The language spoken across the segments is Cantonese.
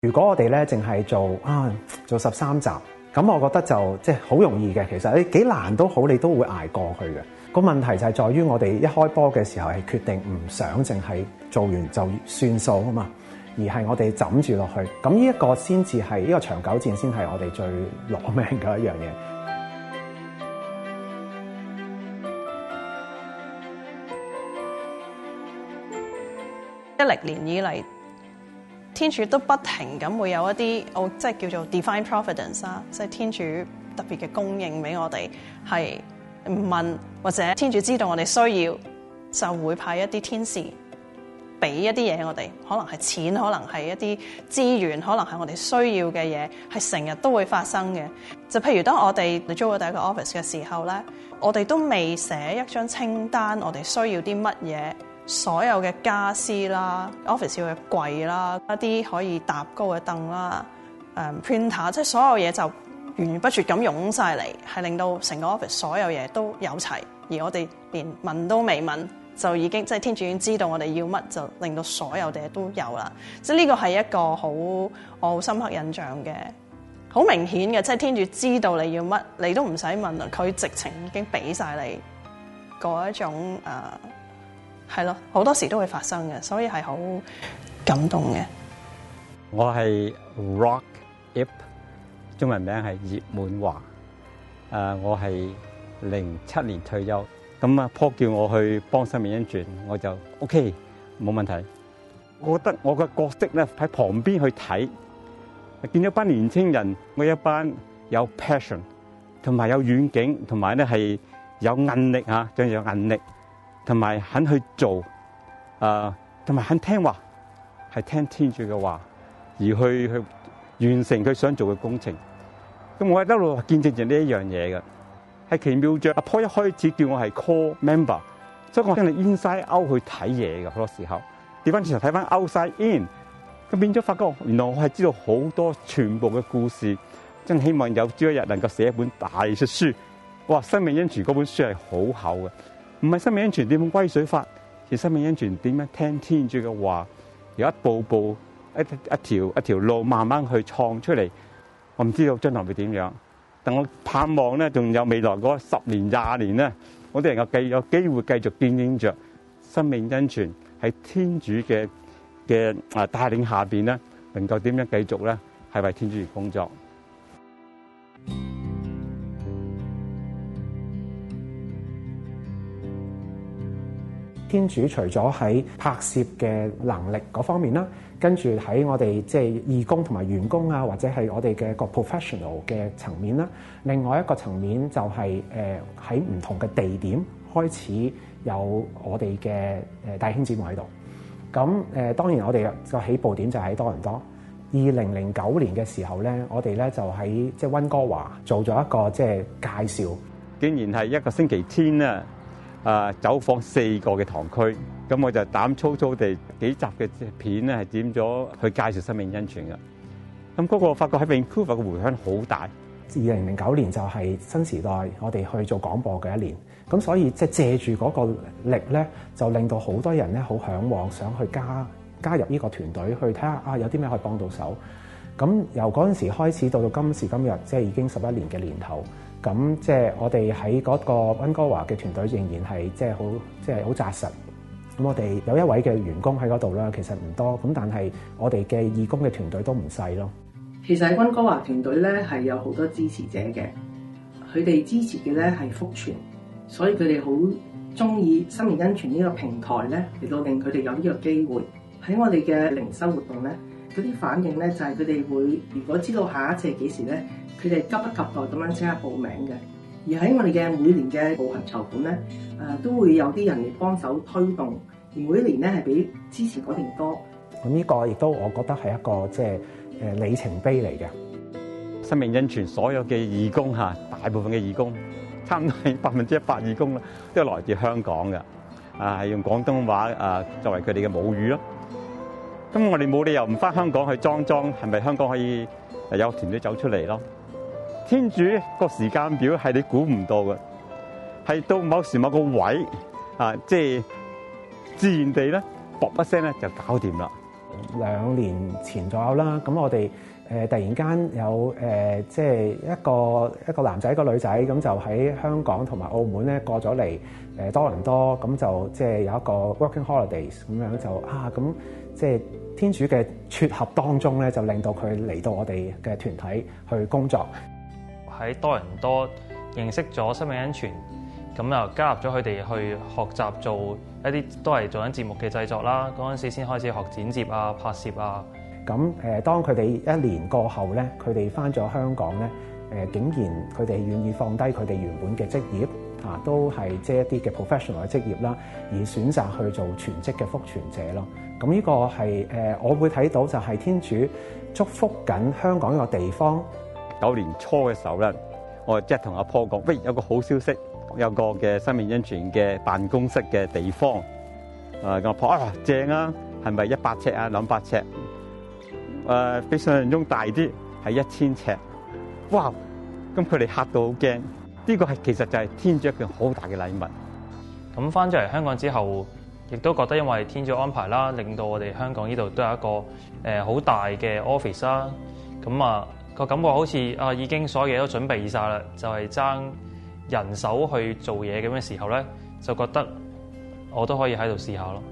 如果我哋咧淨係做啊做十三集，咁我覺得就即係好容易嘅。其實你幾難都好，你都會捱過去嘅。個問題就係在於我哋一開波嘅時候係決定唔想淨係做完就算數啊嘛，而係我哋枕住落去。咁呢一個先至係呢個長久戰才是，先係我哋最攞命嘅一樣嘢。一歷年以嚟，天主都不停咁會有一啲，我即係叫做 define providence，即係天主特別嘅供應俾我哋，係唔問，或者天主知道我哋需要，就會派一啲天使俾一啲嘢我哋，可能係錢，可能係一啲資源，可能係我哋需要嘅嘢，係成日都會發生嘅。就譬如當我哋租咗第一個 office 嘅時候咧，我哋都未寫一張清單，我哋需要啲乜嘢。所有嘅家私啦，office 嘅櫃啦，一啲可以搭高嘅凳啦，誒、呃、printer，即係所有嘢就源源不絕咁湧晒嚟，係令到成個 office 所有嘢都有齊，而我哋連問都未問，就已經，即係天主已經知道我哋要乜，就令到所有嘢都有啦。即係呢個係一個好我好深刻印象嘅，好明顯嘅，即係天主知道你要乜，你都唔使問啦，佢直情已經俾晒你嗰一種誒。呃係咯，好多時都會發生嘅，所以係好感動嘅。我係 Rock Ip，中文名係葉滿華。誒、uh,，我係零七年退休，咁啊 Paul 叫我去幫生命一轉，我就 OK，冇問題。我覺得我嘅角色咧喺旁邊去睇，見咗班年青人，我一班有 passion，同埋有遠景，同埋咧係有毅力吓，仲有毅力。同埋肯去做，啊、呃，同埋肯聽話，係聽天主嘅話，而去去完成佢想做嘅工程。咁我喺一路見證住呢一樣嘢嘅，係奇妙着。阿、啊、婆一開始叫我係 call member，所以我真係 inside out 去睇嘢嘅好多時候看。調翻轉頭睇翻 out side in，咁變咗發覺，原來我係知道好多全部嘅故事。真係希望有朝一日能夠寫一本大出書。哇！生命恩泉嗰本書係好厚嘅。唔係生命恩泉點樣歸水法，而生命恩泉點樣聽天主嘅話，由一步步一一,一條一條路慢慢去創出嚟。我唔知道將來會點樣，但我盼望咧，仲有未來嗰十年廿年咧，我哋能夠繼有機會繼續見證着生命恩泉，喺天主嘅嘅啊帶領下邊咧，能夠點樣繼續咧，係為天主而工作。天主除咗喺拍攝嘅能力嗰方面啦，跟住喺我哋即係義工同埋員工啊，或者係我哋嘅個 professional 嘅層面啦，另外一個層面就係誒喺唔同嘅地點開始有我哋嘅誒大興節目喺度。咁誒、呃、當然我哋個起步點就喺多倫多。二零零九年嘅時候咧，我哋咧就喺即係溫哥華做咗一個即係介紹，竟然係一個星期天啊！啊！走訪四個嘅堂區，咁我就膽粗粗地幾集嘅片咧，係點咗去介紹生命恩泉嘅。咁嗰個我發覺喺 Vancouver 嘅回響好大。二零零九年就係新時代，我哋去做廣播嘅一年。咁所以即係借住嗰個力咧，就令到好多人咧好嚮往，想去加加入呢個團隊去睇下啊，有啲咩可以幫到手。咁由嗰陣時開始到到今時今日，即係已經十一年嘅年頭。咁即係我哋喺嗰個溫哥華嘅團隊仍然係即係好即係好紮實。咁我哋有一位嘅員工喺嗰度啦，其實唔多。咁但係我哋嘅義工嘅團隊都唔細咯。其實喺溫哥華團隊咧係有好多支持者嘅，佢哋支持嘅咧係福傳，所以佢哋好中意生命恩泉呢個平台咧，嚟到令佢哋有呢個機會喺我哋嘅靈修活動咧嗰啲反應咧就係佢哋會如果知道下一次係幾時咧。佢哋急不及待咁樣即刻報名嘅，而喺我哋嘅每年嘅步行籌款咧，誒、啊、都會有啲人嚟幫手推動，而每年咧係比之前嗰年多。咁呢個亦都我覺得係一個即係誒里程碑嚟嘅。生命恩泉所有嘅義工嚇、啊，大部分嘅義工，差唔多係百分之一百義工啦，都係來自香港嘅，啊係用廣東話誒、啊、作為佢哋嘅母語咯。咁、啊、我哋冇理由唔翻香港去裝裝，係咪香港可以誒有團隊走出嚟咯？天主咧個時間表係你估唔到嘅，係到某時某個位啊，即係自然地咧，噏一聲咧就搞掂啦。兩年前左右啦，咁我哋誒、呃、突然間有誒、呃、即係一個一個男仔一個女仔咁就喺香港同埋澳門咧過咗嚟誒多倫多，咁就即係有一個 working holidays 咁樣就啊咁即係天主嘅撮合當中咧，就令到佢嚟到我哋嘅團體去工作。喺多人多認識咗生命恩泉，咁又加入咗佢哋去學習做一啲都係做緊節目嘅製作啦。嗰陣時先開始學剪接啊、拍攝啊。咁誒，當佢哋一年過後咧，佢哋翻咗香港咧，誒竟然佢哋願意放低佢哋原本嘅職業，啊，都係即係一啲嘅 professional 嘅職業啦，而選擇去做全職嘅福傳者咯。咁呢個係誒，我會睇到就係天主祝福緊香港個地方。九年初嘅時候咧，我即係同阿婆講，喂，有個好消息，有個嘅生命恩泉嘅辦公室嘅地方，啊，阿婆啊，正啊，係咪一百尺啊，兩百尺？誒，比想象中大啲，係一千尺。哇，咁佢哋吓到好驚。呢個係其實就係天主一樣好大嘅禮物。咁翻咗嚟香港之後，亦都覺得因為天主安排啦，令到我哋香港呢度都有一個誒好大嘅 office 啦。咁啊。個感覺好似啊，已經所有嘢都準備晒啦，就係爭人手去做嘢咁嘅時候咧，就覺得我都可以喺度試下咯。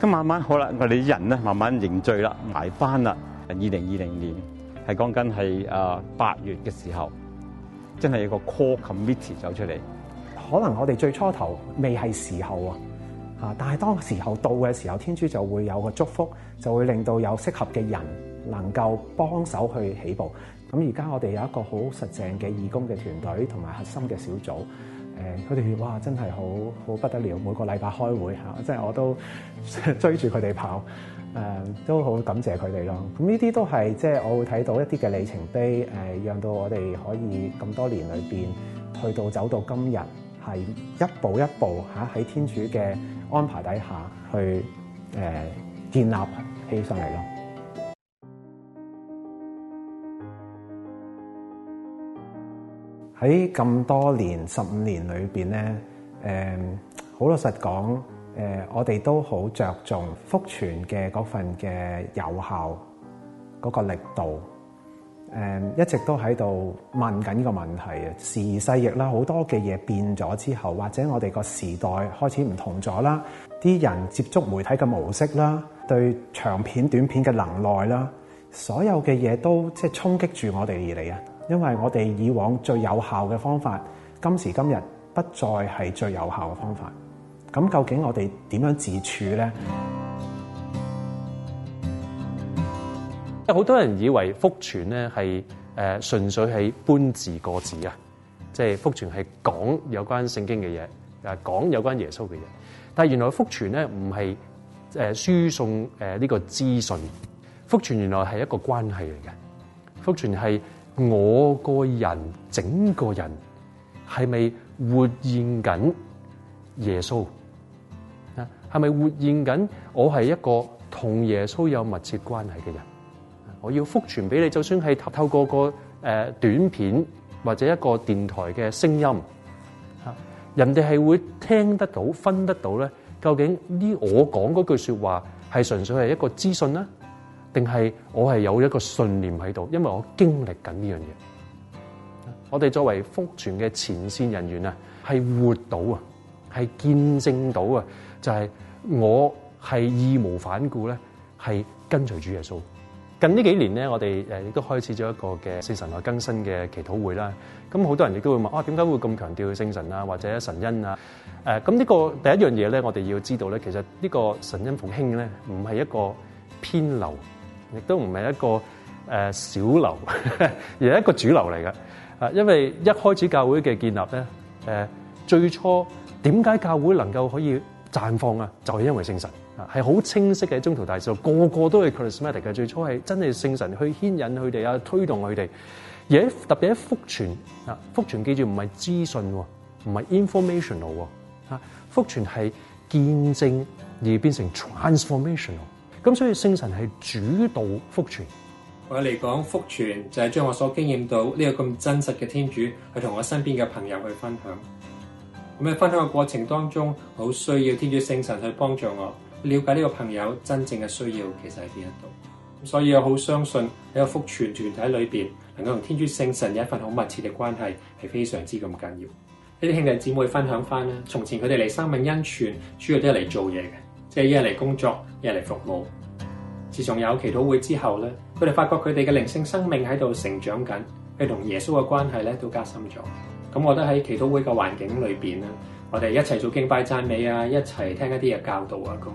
咁慢慢好啦，我哋啲人咧慢慢凝聚啦，埋班啦。二零二零年係講緊係啊八月嘅時候，真係有一個 call committee 走出嚟。可能我哋最初頭未係時候啊，嚇！但係當時候到嘅時候，天主就會有個祝福，就會令到有適合嘅人。能夠幫手去起步，咁而家我哋有一個好實淨嘅義工嘅團隊同埋核心嘅小組，誒佢哋哇真係好好不得了，每個禮拜開會嚇，即、啊、係我都追住佢哋跑，誒、呃、都好感謝佢哋咯。咁呢啲都係即係我會睇到一啲嘅里程碑，誒、呃、讓到我哋可以咁多年裏邊去到走到今日，係一步一步嚇喺、啊、天主嘅安排底下去誒、呃、建立起上嚟咯。喺咁多年十五年裏邊咧，誒、嗯，好老實講，誒、嗯，我哋都好着重复傳嘅嗰份嘅有效嗰、嗰個力度，誒、嗯，一直都喺度問緊呢個問題啊！時移世易啦，好多嘅嘢變咗之後，或者我哋個時代開始唔同咗啦，啲人接觸媒體嘅模式啦，對長片短片嘅能耐啦，所有嘅嘢都即係衝擊住我哋而嚟啊！因為我哋以往最有效嘅方法，今時今日不再係最有效嘅方法。咁究竟我哋點樣自處咧？有好多人以為福傳咧，係誒純粹係搬字過字啊，即係福傳係講有關聖經嘅嘢，誒講有關耶穌嘅嘢。但係原來福傳咧，唔係誒輸送誒呢個資訊，福傳原來係一個關係嚟嘅。福傳係。我個人，整個人係咪活現緊耶穌？啊，係咪活現緊我係一個同耶穌有密切關係嘅人？我要福傳俾你，就算係透過個誒短片或者一個電台嘅聲音，啊，人哋係會聽得到、分得到咧？究竟呢我講句說話係純粹係一個資訊呢？定係我係有一個信念喺度，因為我經歷緊呢樣嘢。我哋作為福傳嘅前線人員啊，係活到啊，係見證到啊，就係我係義無反顧咧，係跟隨主耶穌。近呢幾年咧，我哋誒亦都開始咗一個嘅聖神內更新嘅祈禱會啦。咁好多人亦都會問啊，點解會咁強調聖神啊，或者神恩啊？誒，咁呢個第一樣嘢咧，我哋要知道咧，其實呢個神恩復興咧，唔係一個偏流。亦都唔係一個誒小流，而係一個主流嚟嘅。啊，因為一開始教會嘅建立咧，誒最初點解教會能夠可以綻放啊？就係因為聖神啊，係好清晰嘅中途大數，個個都係 charismatic 嘅。最初係真係聖神去牽引佢哋啊，推動佢哋。而喺特別喺福傳啊，福傳記住唔係資訊，唔係 informational 吓，福傳係見證而變成 transformational。咁所以聖神係主導福傳，我嚟講福傳就係將我所經驗到呢個咁真實嘅天主，去同我身邊嘅朋友去分享。咁喺分享嘅過程當中，好需要天主聖神去幫助我，了解呢個朋友真正嘅需要，其實係邊一度。所以我好相信喺個福傳團體裏邊，能夠同天主聖神有一份好密切嘅關係，係非常之咁緊要。呢啲兄弟姊妹分享翻啦，從前佢哋嚟生命恩泉主要都係嚟做嘢嘅。即係一嚟工作，一嚟服務。自從有祈禱會之後咧，佢哋發覺佢哋嘅靈性生命喺度成長緊，佢同耶穌嘅關係咧都加深咗。咁我覺得喺祈禱會嘅環境裏邊咧，我哋一齊做敬拜讚美啊，一齊聽一啲嘅教導啊，咁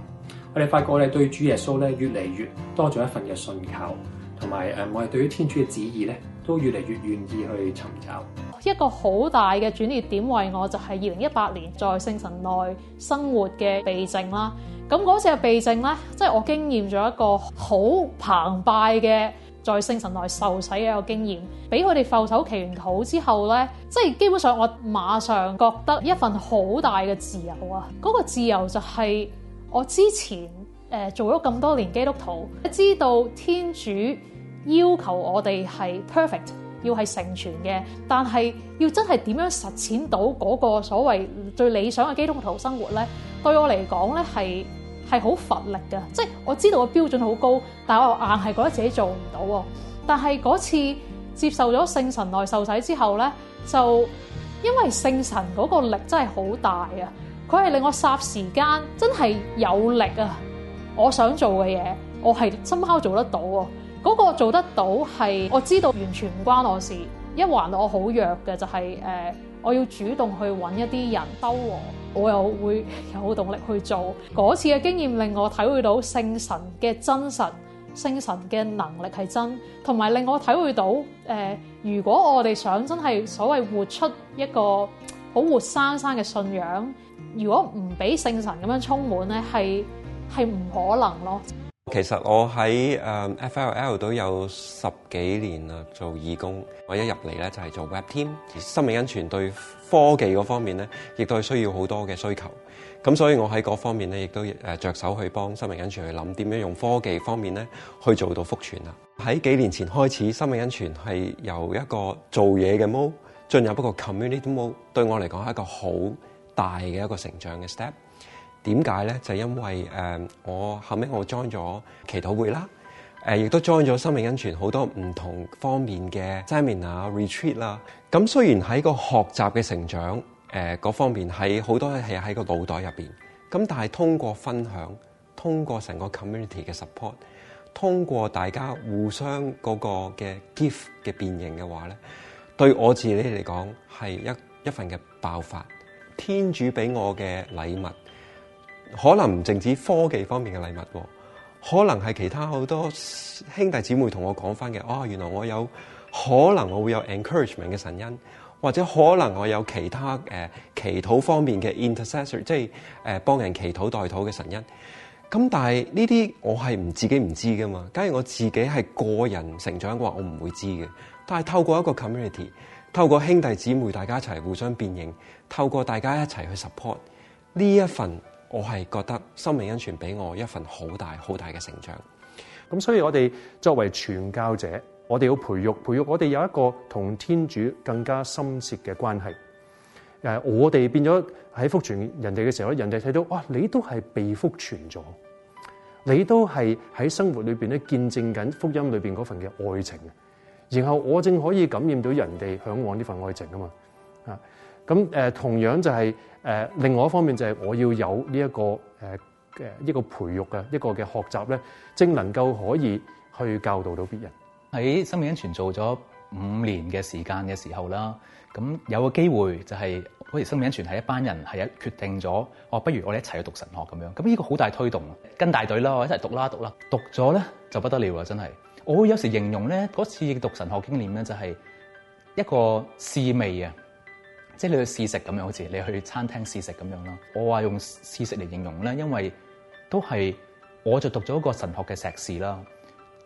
我哋發覺我哋對主耶穌咧越嚟越多咗一份嘅信靠，同埋誒我哋對於天主嘅旨意咧都越嚟越願意去尋找。一個好大嘅轉折點為我就係二零一八年在聖神內生活嘅避靜啦。咁嗰次嘅避靜呢，即係我經驗咗一個好澎湃嘅在聖神內受洗嘅一個經驗。俾佢哋覆手祈完禱之後呢，即係基本上我馬上覺得一份好大嘅自由啊！嗰、那個自由就係我之前誒、呃、做咗咁多年基督徒，知道天主要求我哋係 perfect，要係成全嘅，但係要真係點樣實踐到嗰個所謂最理想嘅基督徒生活呢？對我嚟講呢，係。係好乏力嘅，即係我知道我標準好高，但係我硬係覺得自己做唔到。但係嗰次接受咗聖神內受洗之後呢，就因為聖神嗰個力真係好大啊！佢係令我霎時間真係有力啊！我想做嘅嘢，我係深拋做得到。嗰、個做得到係我知道完全唔關我事，一環我好弱嘅就係、是、誒、呃，我要主動去揾一啲人兜我。我又會有動力去做。嗰次嘅經驗，令我體會到聖神嘅真實，聖神嘅能力係真，同埋令我體會到誒、呃，如果我哋想真係所謂活出一個好活生生嘅信仰，如果唔俾聖神咁樣充滿呢，係係唔可能咯。其實我喺 FLL 都有十幾年啦，做義工。我一入嚟咧就係做 Web Team。生命安全對科技嗰方面咧，亦都係需要好多嘅需求。咁所以我喺嗰方面咧，亦都誒着手去幫生命安全去諗點樣用科技方面咧，去做到復存啦。喺幾年前開始，生命安全係由一個做嘢嘅 mode 進入一個 community mode 對我嚟講係一個好大嘅一個成長嘅 step。點解咧？就係、因為誒、呃，我後屘我 join 咗祈禱會啦，誒、呃，亦都 join 咗生命恩泉好多唔同方面嘅 seminar retreat 啦。咁、嗯、雖然喺個學習嘅成長誒嗰、呃、方面，喺好多係喺個腦袋入邊咁，但係通過分享，通過成個 community 嘅 support，通過大家互相嗰個嘅 gift 嘅變形嘅話咧，對我自己嚟講係一一份嘅爆發，天主俾我嘅禮物。可能唔淨止科技方面嘅禮物，可能係其他好多兄弟姊妹同我講返嘅，哦，原來我有可能我會有 encouragement 嘅神恩，或者可能我有其他、呃、祈禱方面嘅 intercessor，即係誒幫人祈禱代禱嘅神恩。咁但係呢啲我係唔自己唔知㗎嘛，假如我自己係個人成長嘅話，我唔會知嘅。但係透過一個 community，透過兄弟姊妹大家一齊互相辨認，透過大家一齊去 support 呢一份。我係覺得生命恩泉俾我一份好大好大嘅成長，咁所以我哋作為傳教者，我哋要培育培育，我哋有一個同天主更加深切嘅關係。誒、呃，我哋變咗喺福傳人哋嘅時候咧，人哋睇到哇，你都係被福傳咗，你都係喺生活裏邊咧見證緊福音裏邊嗰份嘅愛情，然後我正可以感染到人哋嚮往呢份愛情啊嘛。咁誒同樣就係、是、誒另外一方面就係我要有呢、這、一個誒誒一個培育嘅一、這個嘅學習咧，正能夠可以去教導到別人。喺生命安全做咗五年嘅時間嘅時候啦，咁有個機會就係好似生命安全係一班人係一決定咗，我、哦、不如我哋一齊去讀神學咁樣。咁呢個好大推動，跟大隊啦，我一齊讀啦讀啦，讀咗咧就不得了啊！真係我有時形容咧嗰次嘅讀神學經驗咧，就係一個試味啊！即係你去試食咁樣，好似你去餐廳試食咁樣啦。我話用試食嚟形容咧，因為都係我就讀咗一個神學嘅碩士啦，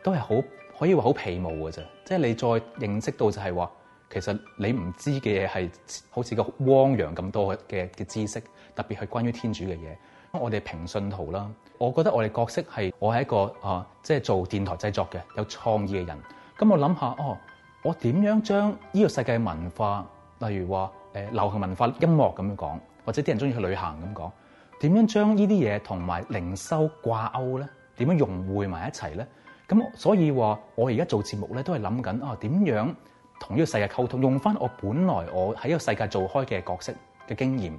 都係好可以話好皮毛嘅啫。即係你再認識到就係話，其實你唔知嘅嘢係好似個汪洋咁多嘅嘅知識，特別係關於天主嘅嘢。我哋平信徒啦，我覺得我哋角色係我係一個啊、呃，即係做電台製作嘅有創意嘅人。咁、嗯、我諗下，哦，我點樣將呢個世界嘅文化，例如話～誒流行文化音樂咁樣講，或者啲人中意去旅行咁講，點樣將呢啲嘢同埋靈修掛鈎咧？點樣融匯埋一齊咧？咁所以話我而家做節目咧，都係諗緊啊點樣同呢個世界溝通，用返我本來我喺呢個世界做開嘅角色嘅經驗。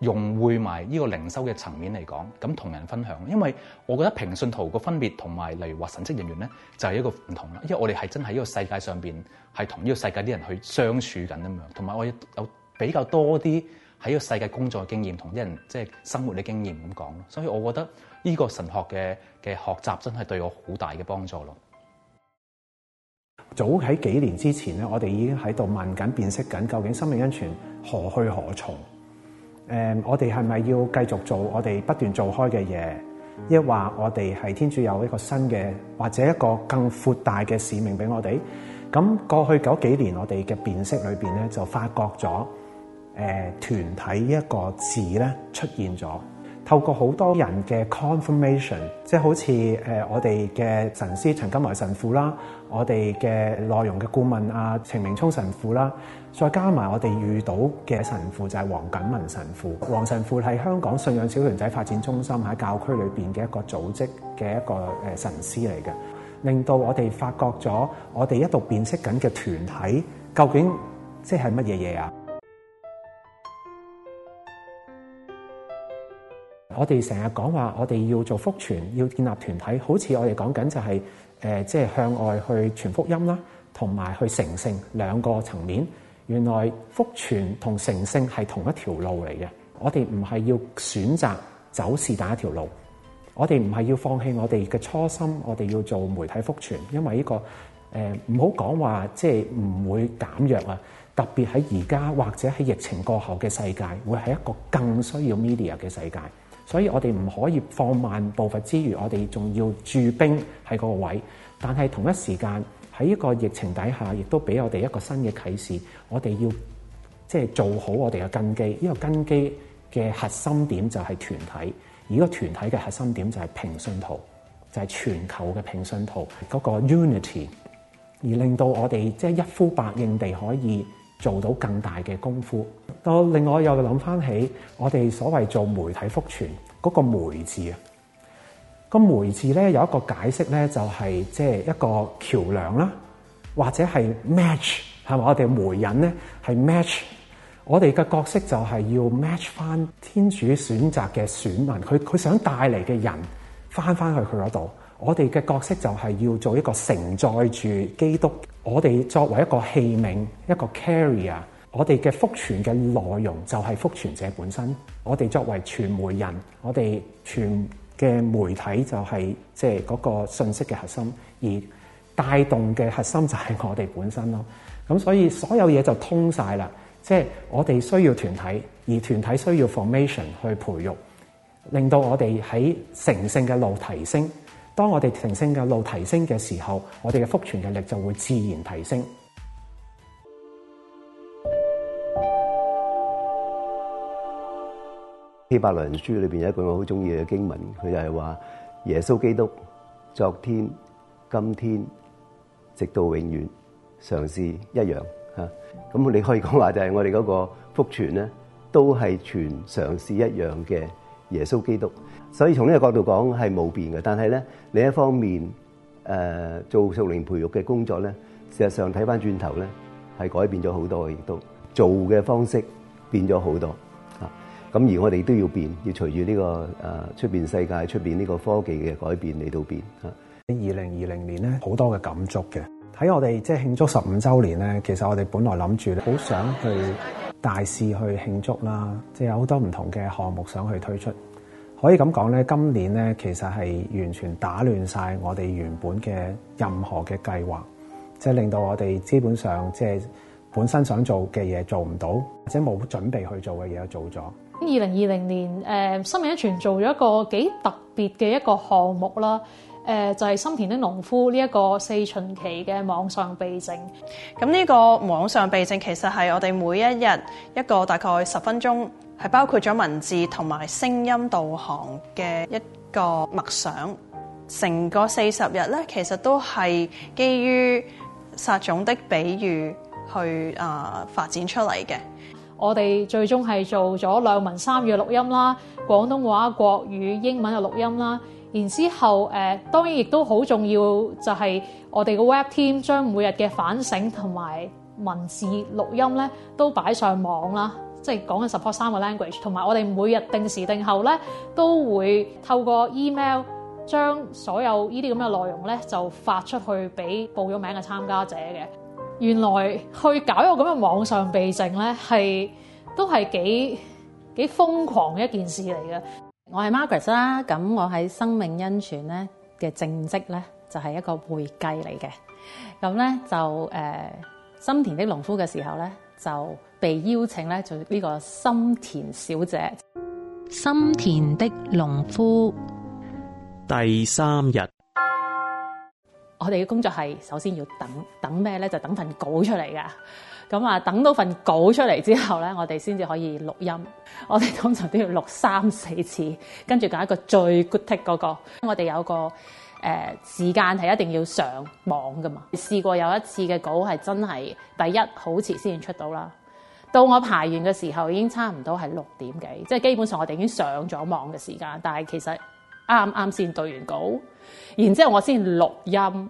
融匯埋呢個靈修嘅層面嚟講，咁同人分享，因為我覺得平信徒個分別同埋，例如話神職人員咧，就係一個唔同啦。因為我哋係真喺呢個世界上面，係同呢個世界啲人去相處緊咁樣，同埋我有比較多啲喺呢個世界工作嘅經驗，同啲人即係生活嘅經驗咁講。所以，我覺得呢個神學嘅嘅學習真係對我好大嘅幫助咯。早喺幾年之前咧，我哋已經喺度問緊、辨識緊，究竟生命恩泉何去何從？誒、嗯，我哋係咪要繼續做我哋不斷做開嘅嘢？抑或我哋係天主有一個新嘅，或者一個更闊大嘅使命俾我哋？咁過去九幾年我哋嘅辨識裏邊咧，就發覺咗誒，團體一個字咧出現咗。透過好多人嘅 confirmation，即係好似誒我哋嘅神師陳金華神父啦，我哋嘅內容嘅顧問啊，程明聰神父啦，再加埋我哋遇到嘅神父就係、是、黃錦文神父，黃神父係香港信仰小團體發展中心喺教區裏邊嘅一個組織嘅一個誒神師嚟嘅，令到我哋發覺咗我哋一度辨識緊嘅團體究竟即係乜嘢嘢啊？我哋成日講話，我哋要做福傳，要建立團體，好似我哋講緊就係、是、誒，即、呃、係、就是、向外去傳福音啦，同埋去成聖兩個層面。原來福傳同成聖係同一條路嚟嘅。我哋唔係要選擇走是哪一條路，我哋唔係要放棄我哋嘅初心。我哋要做媒體福傳，因為呢、這個誒唔好講話，即係唔會減弱啊。特別喺而家或者喺疫情過後嘅世界，會係一個更需要 media 嘅世界。所以我哋唔可以放慢步伐之餘，我哋仲要駐兵喺個位。但係同一時間喺呢個疫情底下，亦都俾我哋一個新嘅啟示。我哋要即係做好我哋嘅根基。呢個根基嘅核心點就係團體，而呢個團體嘅核心點就係平信徒，就係全球嘅平信徒嗰個 unity，而令到我哋即係一呼百應地可以做到更大嘅功夫。到另外又諗翻起我哋所謂做媒體福傳嗰個媒字啊，個媒字咧有一個解釋咧，就係即係一個橋梁啦，或者係 match 係咪？我哋媒人咧係 match，我哋嘅角色就係要 match 翻天主選擇嘅選民，佢佢想帶嚟嘅人翻翻去佢嗰度，我哋嘅角色就係要做一個承載住基督，我哋作為一個器皿一個 carrier。我哋嘅福傳嘅內容就係福傳者本身。我哋作為傳媒人，我哋傳嘅媒體就係即係嗰個信息嘅核心，而帶動嘅核心就係我哋本身咯。咁所以所有嘢就通晒啦。即係我哋需要團體，而團體需要 formation 去培育，令到我哋喺成聖嘅路提升。當我哋成聖嘅路提升嘅時候，我哋嘅福傳嘅力就會自然提升。《希伯來書》裏邊有一句我好中意嘅經文，佢就係話耶穌基督昨天、今天、直到永遠，常時一樣吓。咁你可以講話就係我哋嗰個福傳咧，都係傳常時一樣嘅耶穌基督。所以從呢個角度講係冇變嘅，但係咧另一方面，誒做屬靈培育嘅工作咧，事實上睇返轉頭咧係改變咗好多，亦都做嘅方式變咗好多。咁而我哋都要變，要隨住呢個誒出面世界、出面呢個科技嘅改變嚟到變。喺二零二零年咧，好多嘅感觸嘅。喺我哋即係慶祝十五週年咧，其實我哋本來諗住咧，好想去大肆去慶祝啦，即係有好多唔同嘅項目想去推出。可以咁講咧，今年咧其實係完全打亂晒我哋原本嘅任何嘅計劃，即係令到我哋基本上即係本身想做嘅嘢做唔到，或者冇準備去做嘅嘢又做咗。二零二零年，誒新美一泉做咗一個幾特別嘅一個項目啦，誒就係《心田的農夫》呢一個四旬期嘅網上避靜。咁呢個網上避靜其實係我哋每一日一個大概十分鐘，係包括咗文字同埋聲音導航嘅一個默想。成個四十日咧，其實都係基於撒種的比喻去啊、呃、發展出嚟嘅。我哋最終係做咗兩文三語嘅錄音啦，廣東話、國語、英文嘅錄音啦。然之後，誒、呃、當然亦都好重要，就係、是、我哋個 Web team 將每日嘅反省同埋文字錄音咧，都擺上網啦，即係講緊 support 三個 language。同埋我哋每日定時定候咧，都會透過 email 將所有這些內呢啲咁嘅內容咧，就發出去俾報咗名嘅參加者嘅。原來去搞一個咁嘅網上避靜咧，係都係幾幾瘋狂嘅一件事嚟嘅。我係 Margaret 啦，咁我喺生命恩泉咧嘅正職咧就係、是、一個會計嚟嘅。咁咧就誒，心、呃、田的農夫嘅時候咧就被邀請咧做呢個心田小姐。心田的農夫第三日。我哋嘅工作係首先要等等咩咧？就等份稿出嚟噶。咁啊，等到份稿出嚟之後咧，我哋先至可以錄音。我哋通常都要錄三四次，跟住揀一個最 good take 嗰個。我哋有個誒、呃、時間係一定要上網噶嘛。試過有一次嘅稿係真係第一好遲先至出到啦。到我排完嘅時候已經差唔多係六點幾，即係基本上我哋已經上咗網嘅時間。但係其實，啱啱先對完稿，然之後我先錄音，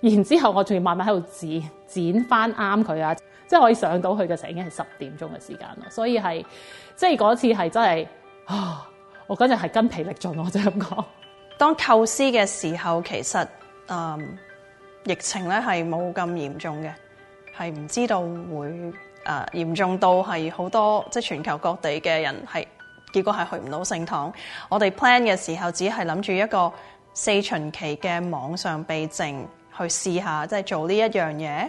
然之後我仲要慢慢喺度剪剪翻啱佢啊！即係可以上到去嘅時候已經係十點鐘嘅時間咯，所以係即係嗰次係真係啊！我嗰陣係筋疲力盡，我就咁講。當構思嘅時候，其實嗯疫情咧係冇咁嚴重嘅，係唔知道會啊嚴重到係好多即係全球各地嘅人係。結果係去唔到聖堂，我哋 plan 嘅時候只係諗住一個四旬期嘅網上避靜去試下，即係做呢一樣嘢。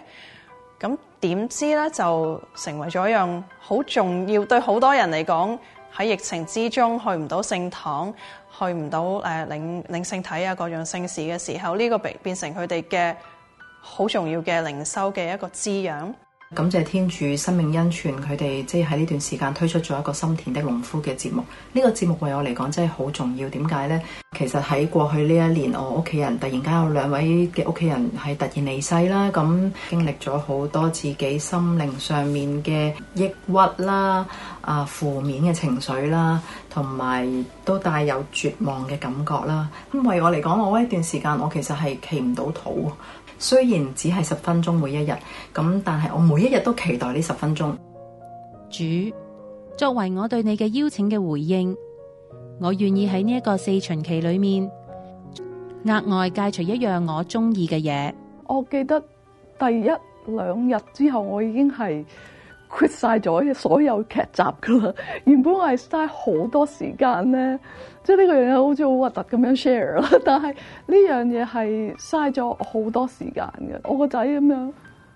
咁點知咧就成為咗一樣好重要，對好多人嚟講喺疫情之中去唔到聖堂去、去唔到誒領領聖體啊、各種聖事嘅時候，呢個變變成佢哋嘅好重要嘅靈修嘅一個滋養。感謝天主生命恩泉，佢哋即係喺呢段時間推出咗一個心田的農夫嘅節目。呢個節目為我嚟講真係好重要。點解呢？其實喺過去呢一年，我屋企人突然間有兩位嘅屋企人係突然離世啦，咁經歷咗好多自己心靈上面嘅抑鬱啦，啊負面嘅情緒啦，同埋都帶有絕望嘅感覺啦。咁為我嚟講，我呢段時間我其實係企唔到肚。雖然只係十分鐘每一日，咁但係我每一日都期待呢十分鐘。主，作為我對你嘅邀請嘅回應，我願意喺呢一個四旬期裏面，額外戒除一樣我中意嘅嘢。我記得第一兩日之後，我已經係。quit 晒咗所有劇集噶啦！原本我係嘥好多時間咧，即係呢個樣嘢好似好核突咁樣 share 啦。但係呢樣嘢係嘥咗好多時間嘅。我個仔咁樣，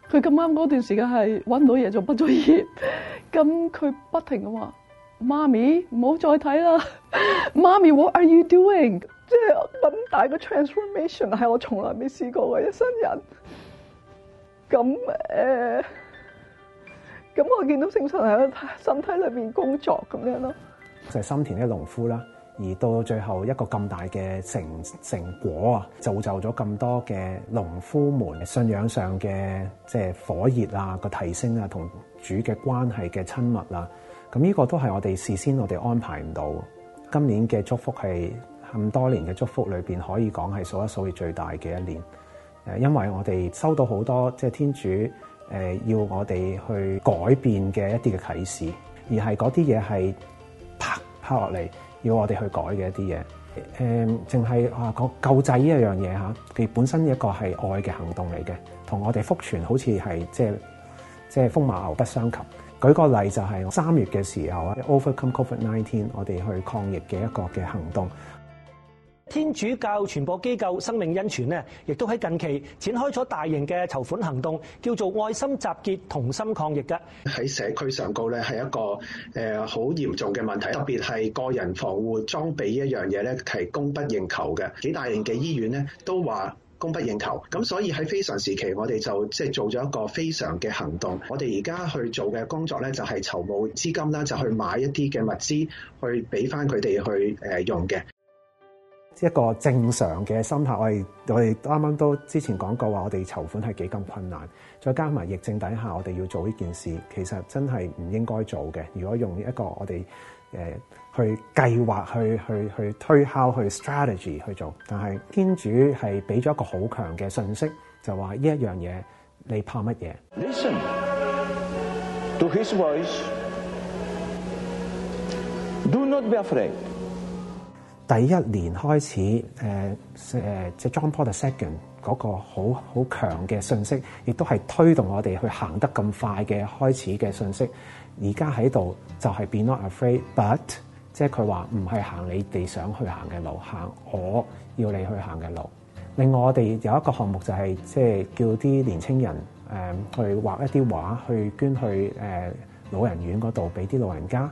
佢咁啱嗰段時間係搵到嘢做，畢咗業，咁佢不停咁話，媽咪唔好再睇啦！媽咪，what are you doing？即係咁大個 transformation 係我從來未試過嘅一生人。咁誒。呃咁我見到聖神喺身體裏面工作咁樣咯，就係心田嘅農夫啦，而到最後一個咁大嘅成成果啊，造就咗咁多嘅農夫們信仰上嘅即係火熱啊個提升啊同主嘅關係嘅親密啦，咁、這、呢個都係我哋事先我哋安排唔到，今年嘅祝福係咁多年嘅祝福裏面可以講係數一數二最大嘅一年，誒，因為我哋收到好多即係天主。誒要我哋去改變嘅一啲嘅啟示，而係嗰啲嘢係啪啪落嚟，要我哋去改嘅一啲嘢。誒、嗯，淨係話講救濟呢一樣嘢嚇，佢本身是一個係愛嘅行動嚟嘅，同我哋福傳好似係即係即係風馬牛不相及。舉個例就係、是、三月嘅時候啊，Overcome COVID-19，我哋去抗疫嘅一個嘅行動。天主教傳播機構生命恩泉咧，亦都喺近期展開咗大型嘅籌款行動，叫做愛心集結同心抗疫噶。喺社區上高咧，係一個誒好嚴重嘅問題，特別係個人防護裝備一樣嘢咧，係供不應求嘅。幾大型嘅醫院咧都話供不應求，咁所以喺非常時期，我哋就即係做咗一個非常嘅行動，我哋而家去做嘅工作咧，就係籌募資金啦，就去買一啲嘅物資去俾翻佢哋去誒用嘅。一個正常嘅心態，我哋我哋啱啱都之前講過話，我哋籌款係幾咁困難，再加埋疫症底下，我哋要做呢件事，其實真係唔應該做嘅。如果用一個我哋誒去計劃、去去去，去推敲、去 strategy 去做，但係天主係俾咗一個好強嘅信息，就話呢一樣嘢你怕乜嘢？Listen to His voice. Do not be afraid. 第一年開始，誒、uh, 誒，即係 John Paul Second 嗰個好好強嘅信，信息，亦都係推動我哋去行得咁快嘅開始嘅信息。而家喺度就係 be not afraid，but 即係佢話唔係行你哋想去行嘅路，行我要你去行嘅路。另外，我哋有一個項目就係即係叫啲年青人誒、um, 去畫一啲畫，去捐去誒、uh, 老人院嗰度俾啲老人家。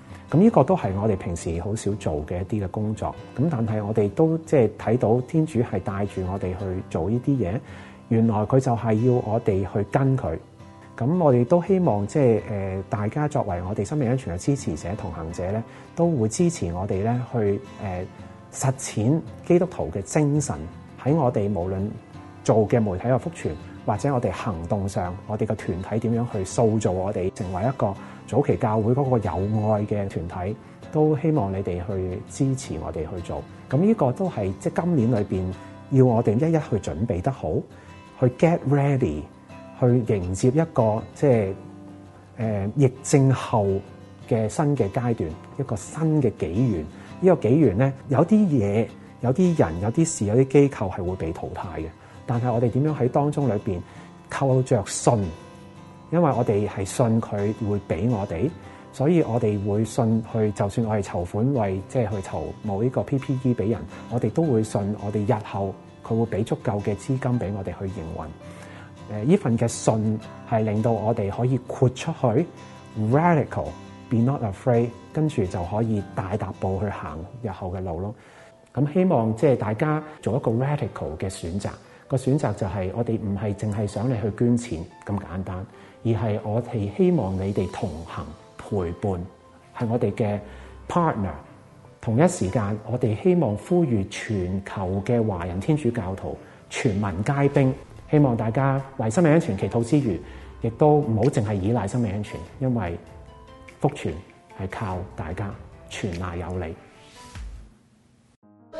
咁呢個都係我哋平時好少做嘅一啲嘅工作，咁但係我哋都即係睇到天主係帶住我哋去做呢啲嘢，原來佢就係要我哋去跟佢。咁我哋都希望即係誒大家作為我哋生命安全嘅支持者、同行者咧，都會支持我哋咧去誒實踐基督徒嘅精神喺我哋無論做嘅媒體嘅福傳，或者我哋行動上，我哋嘅團體點樣去塑造我哋成為一個早期教會嗰個有愛嘅團體都希望你哋去支持我哋去做。咁呢個都係即係今年裏邊要我哋一一去準備得好，去 get ready，去迎接一個即係誒、呃、疫症後嘅新嘅階段，一個新嘅紀元。呢、這個紀元咧，有啲嘢、有啲人、有啲事、有啲機構係會被淘汰嘅。但係我哋點樣喺當中裏邊扣着信？因為我哋係信佢會俾我哋，所以我哋會信佢。就算我哋籌款為即係、就是、去籌某一個 PPE 俾人，我哋都會信我哋，日後佢會俾足夠嘅資金俾我哋去營運。呢、呃、份嘅信係令到我哋可以豁出去，radical be not afraid，跟住就可以大踏步去行日後嘅路咯。咁、嗯、希望即係大家做一個 radical 嘅選擇。個選擇就係我哋唔係淨係想你去捐錢咁簡單。而係我哋希望你哋同行陪伴，係我哋嘅 partner。同一時間，我哋希望呼籲全球嘅華人天主教徒，全民皆兵，希望大家為生命安全祈禱之餘，亦都唔好淨係依賴生命安全，因為福傳係靠大家，全賴有你。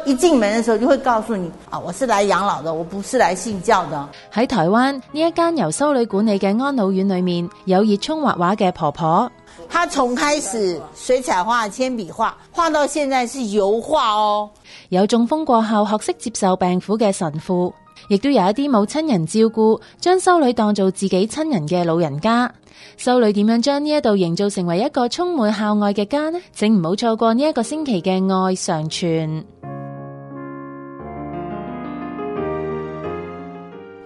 一進門的時候就會告訴你，啊，我是來養老的，我不是來信教的。喺台灣呢一間由修女管理嘅安老院裏面，有熱衷畫畫嘅婆婆，她從開始水彩畫、鉛筆畫，畫到現在是油畫哦。有中風過後學識接受病苦嘅神父，亦都有一啲冇親人照顧，將修女當做自己親人嘅老人家。修女點樣將呢一度營造成為一個充滿孝愛嘅家呢？請唔好錯過呢一個星期嘅愛常傳。